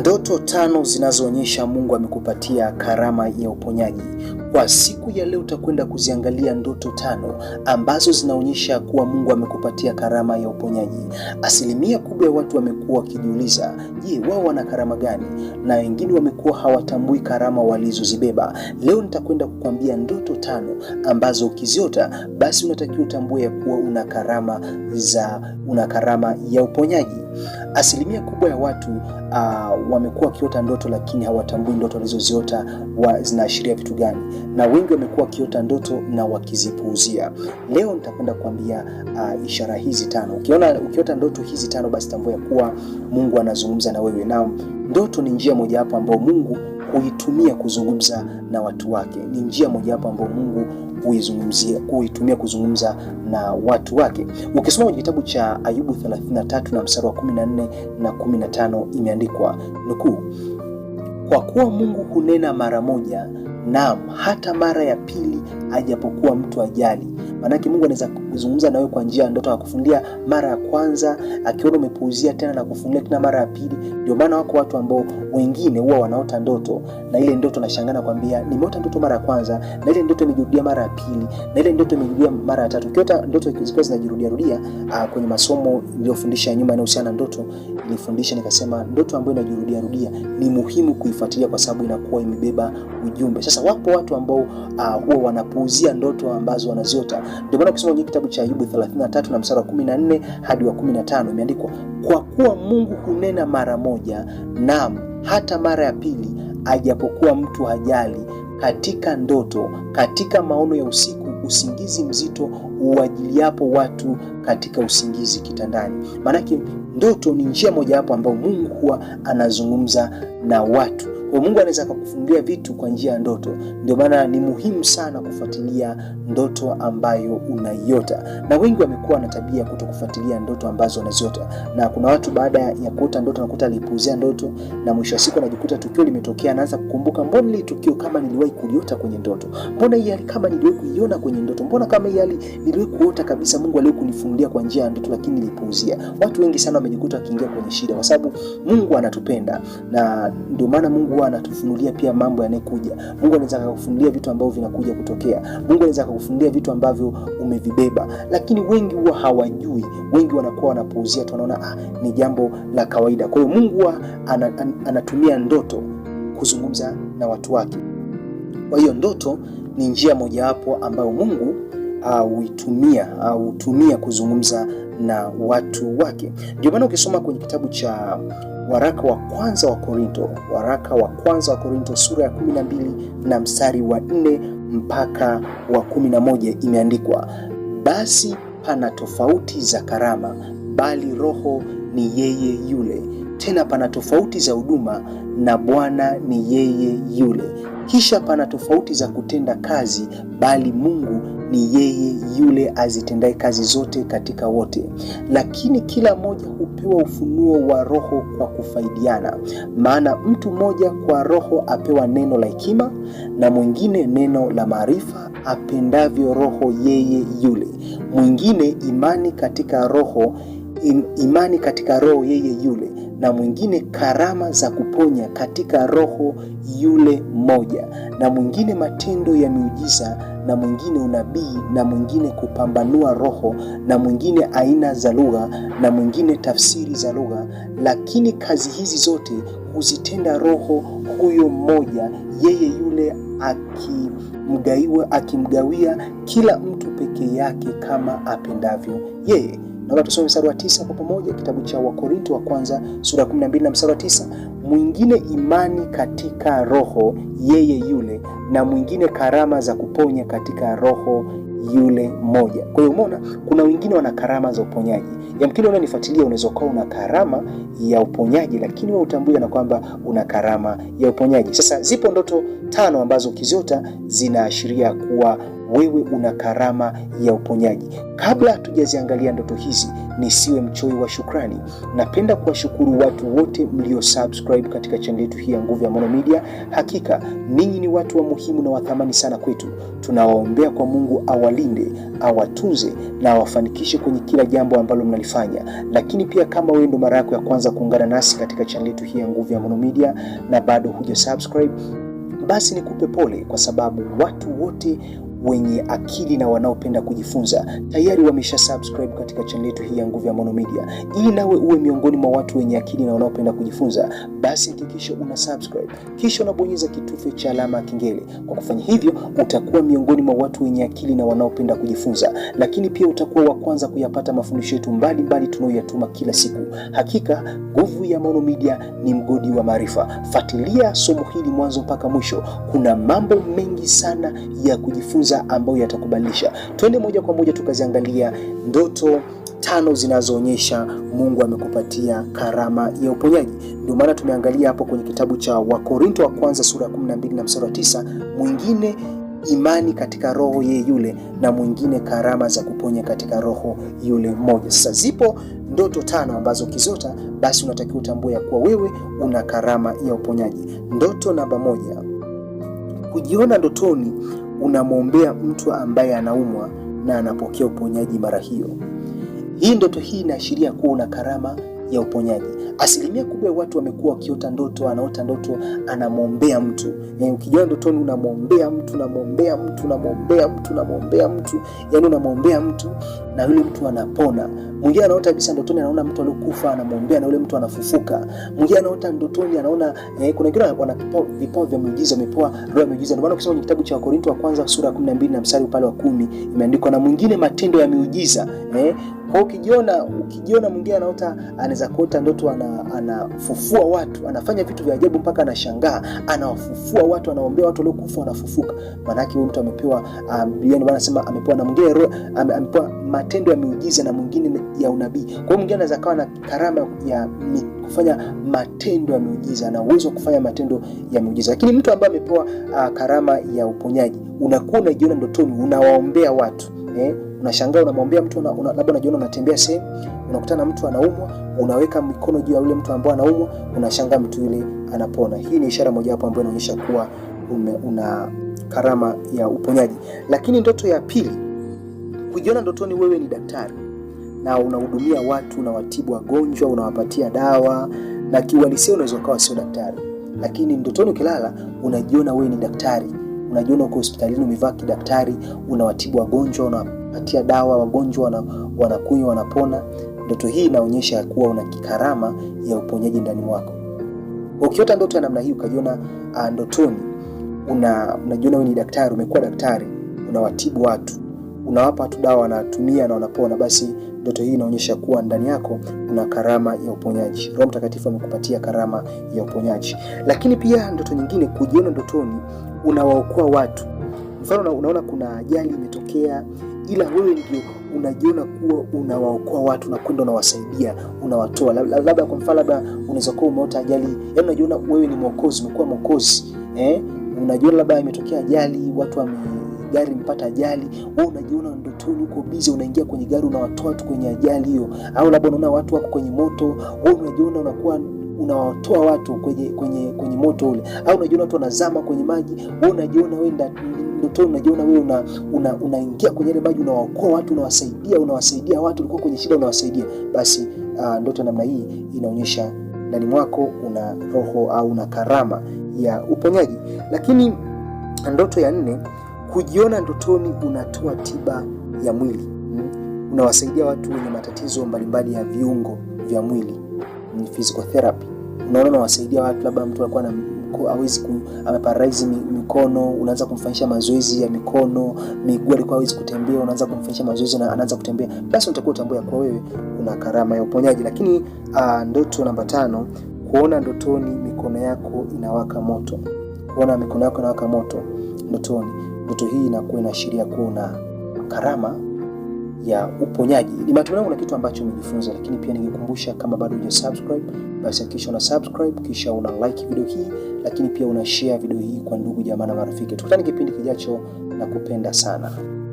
Ndoto tano zinazoonyesha Mungu amekupatia karama ya uponyaji. Kwa siku ya leo utakwenda kuziangalia ndoto tano ambazo zinaonyesha kuwa Mungu amekupatia karama ya uponyaji. Asilimia kubwa ya watu wamekuwa wakijiuliza, je, wao wana karama gani? Na wengine wamekuwa hawatambui karama walizozibeba. Leo nitakwenda kukwambia ndoto tano ambazo ukiziota basi unatakiwa utambue ya kuwa una karama za una karama ya uponyaji. Asilimia kubwa ya watu uh, wamekuwa wakiota ndoto lakini hawatambui ndoto walizoziota wa zinaashiria vitu gani, na wengi wamekuwa wakiota ndoto na wakizipuuzia. Leo nitakwenda kuambia uh, ishara hizi tano. Ukiona ukiota ndoto hizi tano, basi tambua ya kuwa Mungu anazungumza na wewe, na ndoto ni njia mojawapo ambayo Mungu kuitumia kuzungumza na watu wake. Ni njia mojawapo ambayo Mungu huizungumzia huitumia kuzungumza na watu wake. Ukisoma kwenye kitabu cha Ayubu 33 na msara wa 14 na 15, imeandikwa nukuu, kwa kuwa Mungu hunena mara moja Naam, hata mara ya pili ajapokuwa mtu ajali. Maanake Mungu anaweza kuzungumza nawe kwa njia ya ndoto, akufundia mara ya kwanza, akiona umepuuzia tena na kufundia tena mara ya pili. Ndio maana wako watu ambao wengine huwa wanaota ndoto na ile ndoto nashangaa, nakwambia nimeota ndoto mara ya kwanza na ile ndoto imejirudia mara ya pili na ile ndoto imejirudia mara ya tatu. Ukiota ndoto zikiwa zinajirudia rudia, ah, kwenye masomo niliyofundisha nyuma yanayohusiana na ndoto, nilifundisha nikasema, ndoto ambayo inajirudia rudia ni muhimu kuifuatilia kwa sababu inakuwa imebeba ujumbe. Sasa sasa wapo watu ambao uh, huwa wanapuuzia ndoto ambazo wanaziota. Ndio maana ukisoma kwenye kitabu cha Ayubu 33 na mstari wa 14 hadi wa 15 imeandikwa, kwa kuwa Mungu hunena mara moja, naam hata mara ya pili, ajapokuwa mtu hajali, katika ndoto, katika maono ya usiku usingizi mzito uajiliapo watu katika usingizi kitandani. Maanake ndoto ni njia mojawapo ambayo Mungu huwa anazungumza na watu. Kwa Mungu anaweza akakufungulia vitu kwa njia ya ndoto. Ndio maana ni muhimu sana kufuatilia ndoto ambayo unaiota, na wengi wamekuwa na tabia ya kuto kufuatilia ndoto ambazo wanaziota, na kuna watu baada ya kuota ndoto nakuta alipuuzia ndoto, na mwisho wa siku anajikuta tukio limetokea, anaanza kukumbuka, mbona hili tukio kama niliwahi kuliota kwenye ndoto, mbona hii hali kama niliwahi kuiona kwenye ndoto, mbona kama hii hali niliwahi kuota kabisa, Mungu aliwahi kunifungulia kwa njia ya ndoto, lakini nilipuuzia. Watu wengi sana wamejikuta wakiingia kwenye shida, kwa sababu Mungu anatupenda, na ndio maana Mungu anatufunulia pia mambo yanayokuja. Mungu anaweza akakufunulia vitu ambavyo vinakuja kutokea. Mungu anaweza akakufunulia vitu ambavyo umevibeba, lakini wengi huwa hawajui. Wengi wanakuwa wanapuuzia tu, wanaona ah, ni jambo la kawaida. Kwa hiyo Mungu huwa anatumia ndoto kuzungumza na watu wake. Kwa hiyo ndoto ni njia mojawapo ambayo Mungu autumia uh, autumia uh, kuzungumza na watu wake. Ndio maana ukisoma kwenye kitabu cha waraka wa kwanza wa Korinto, waraka wa kwanza wa Korinto sura ya 12 na mstari wa 4 mpaka wa 11, imeandikwa basi pana tofauti za karama, bali Roho ni yeye yule; tena pana tofauti za huduma, na Bwana ni yeye yule kisha pana tofauti za kutenda kazi, bali Mungu ni yeye yule azitendaye kazi zote katika wote, lakini kila mmoja hupewa ufunuo wa Roho kwa kufaidiana. Maana mtu mmoja kwa Roho apewa neno la hekima, na mwingine neno la maarifa apendavyo Roho yeye yule, mwingine imani katika Roho, imani katika Roho yeye yule na mwingine karama za kuponya katika roho yule moja na mwingine matendo ya miujiza, na mwingine unabii, na mwingine kupambanua roho, na mwingine aina za lugha, na mwingine tafsiri za lugha. Lakini kazi hizi zote huzitenda roho huyo mmoja, yeye yule akimgawia kila mtu peke yake kama apendavyo yeye. Naona tusome mstari wa tisa kwa pamoja, kitabu cha Wakorinto wa kwanza sura 12 na mstari wa tisa. Mwingine imani katika roho yeye yule, na mwingine karama za kuponya katika roho yule mmoja. Kwa hiyo umeona, kuna wengine wana karama za uponyaji. Yamkini unanifuatilia, unaweza ukawa una karama ya uponyaji, lakini wewe utambue na kwamba una karama ya uponyaji. Sasa zipo ndoto tano ambazo ukiziota zinaashiria kuwa wewe una karama ya uponyaji. Kabla hatujaziangalia ndoto hizi, nisiwe mchoi wa shukrani, napenda kuwashukuru watu wote mlio subscribe katika channel yetu hii ya Nguvu ya Maono Media. Hakika ninyi ni watu wa muhimu na wathamani sana kwetu. Tunawaombea kwa Mungu awalinde, awatunze na awafanikishe kwenye kila jambo ambalo mnalifanya. Lakini pia kama wewe ndo mara yako ya kwanza kuungana nasi katika channel yetu hii ya Nguvu ya Maono Media na bado huja subscribe, basi nikupe pole kwa sababu watu wote wenye akili na wanaopenda kujifunza tayari wamesha subscribe katika channel yetu hii ya Nguvu ya Maono Media. Ili nawe uwe miongoni mwa watu wenye akili na wanaopenda kujifunza, basi hakikisha una subscribe kisha unabonyeza kitufe cha alama kengele. Kwa kufanya hivyo, utakuwa miongoni mwa watu wenye akili na wanaopenda kujifunza, lakini pia utakuwa wa kwanza kuyapata mafundisho yetu mbalimbali tunayoyatuma kila siku. Hakika Nguvu ya Maono Media ni mgodi wa maarifa. Fuatilia somo hili mwanzo mpaka mwisho, kuna mambo mengi sana ya kujifunza kuzungumza ambayo yatakubadilisha. Twende moja kwa moja tukaziangalia ndoto tano zinazoonyesha Mungu amekupatia karama ya uponyaji. Ndio maana tumeangalia hapo kwenye kitabu cha Wakorinto wa kwanza sura ya 12 na mstari wa tisa, mwingine imani katika roho ye yule na mwingine karama za kuponya katika roho yule mmoja. Sasa zipo ndoto tano ambazo kizota basi unatakiwa utambue ya kuwa wewe una karama ya uponyaji. Ndoto namba moja, kujiona ndotoni unamwombea mtu ambaye anaumwa na anapokea uponyaji mara hiyo. Hii ndoto hii inaashiria kuwa una karama ya uponyaji. Asilimia kubwa ya watu wamekuwa wakiota ndoto, anaota ndoto, anamwombea mtu. Yani ukijiona ndotoni unamwombea mtu, unamwombea mtu, unamwombea mtu, unamwombea mtu, yani unamwombea mtu na yule mtu anapona. Mwingine anaota kabisa ndotoni anaona mtu aliokufa anamwombea na yule mtu anafufuka. Mwingine anaota ndotoni anaona eh, kuna wengine wana vipawa vya miujiza, wamepewa roho ya miujiza. Ndio maana ukisoma kitabu cha Wakorintho wa kwanza sura ya 12 na mstari pale wa 10 imeandikwa na mwingine matendo ya miujiza eh, kwa ukijiona ukijiona mwingine anaota anaweza kuota ndoto ana, anafufua watu, anafanya vitu vya ajabu mpaka anashangaa, anawafufua watu, anaombea watu waliokufa wanafufuka. Maana yake huyu mtu amepewa um, Biblia um, anasema amepewa na mwingine amepewa matendo ya miujiza na mwingine ya unabii. Kwa hiyo mwingine anaweza kawa na karama ya mi, kufanya matendo ya miujiza na uwezo wa kufanya matendo ya miujiza, lakini mtu ambaye amepewa uh, karama ya uponyaji unakuwa unajiona ndotoni unawaombea watu eh? unashangaa, unamwambia mtu una, una, labda unajiona unatembea sehemu, unakutana na mtu anaumwa, unaweka mikono juu ya yule mtu ambaye anaumwa, unashangaa mtu yule anapona. Hii ni ishara mojawapo ambayo inaonyesha kuwa ume, una karama ya uponyaji. Lakini ndoto ya pili, kujiona ndotoni wewe ni daktari na unahudumia watu, unawatibu wagonjwa, unawapatia dawa, na kiuhalisia unaweza ukawa sio daktari, lakini ndotoni ukilala unajiona wewe ni daktari unajiona uko hospitalini umevaa kidaktari, unawatibu wagonjwa, unawapatia dawa wagonjwa, wana, wanakunywa wanapona. Ndoto hii inaonyesha kuwa una kikarama ya uponyaji ndani mwako. Ukiota ndoto ya namna hii ukajiona uh, ndotoni una, unajiona wewe ni daktari, umekuwa daktari, unawatibu watu, unawapa watu dawa, wanatumia na wanapona, basi ndoto hii inaonyesha kuwa ndani yako una karama ya uponyaji. Roho Mtakatifu amekupatia karama ya uponyaji. Lakini pia ndoto nyingine, kujiona ndotoni unawaokoa watu. Mfano unaona kuna ajali imetokea ila wewe ndio unajiona kuwa unawaokoa watu na kwenda unawasaidia, unawatoa. Labda kwa mfano, labda unaweza kuwa umeota ajali, yaani unajiona wewe ni mwokozi, umekuwa mwokozi eh? Unajiona labda imetokea ajali, watu wame gari mpata ajali, wewe unajiona ndotoni uko busy, unaingia kwenye gari unawatoa watu kwenye ajali hiyo, au labda unaona watu wako kwenye moto, wewe unajiona unakuwa unawatoa watu kwenye, kwenye, kwenye moto ule, au unajiona watu wanazama kwenye maji, wewe unajiona wewe ndotoni unajiona wewe una, una, unaingia kwenye ile maji unawaokoa watu unawasaidia unawasaidia watu ulikuwa kwenye shida unawasaidia, basi uh, ndoto namna hii inaonyesha ndani mwako una roho au una karama ya uponyaji. Lakini ndoto ya nne, kujiona ndotoni unatoa tiba ya mwili hmm? unawasaidia watu wenye matatizo mbalimbali ya viungo vya mwili, hmm, physical therapy. Unaona, unawasaidia watu labda mtu alikuwa na miko, hawezi kum, ameparalyze mikono, unaanza kumfanyisha mazoezi ya mikono. Miguu alikuwa hawezi kutembea, unaanza kumfanyisha mazoezi na anaanza kutembea, basi utakuwa utambua kwa wewe una karama ya uponyaji. Lakini uh, ndoto namba tano, kuona ndotoni mikono yako inawaka moto. Kuona mikono yako inawaka moto ndotoni, ndoto hii inakuwa inaashiria kuwa una karama ya uponyaji. Ni matumaini yangu na kitu ambacho umejifunza, lakini pia ningekumbusha kama bado huja subscribe, basi hakikisha una subscribe, kisha una like video hii, lakini pia una share video hii kwa ndugu jamaa na marafiki. Tukutane kipindi kijacho na kupenda sana.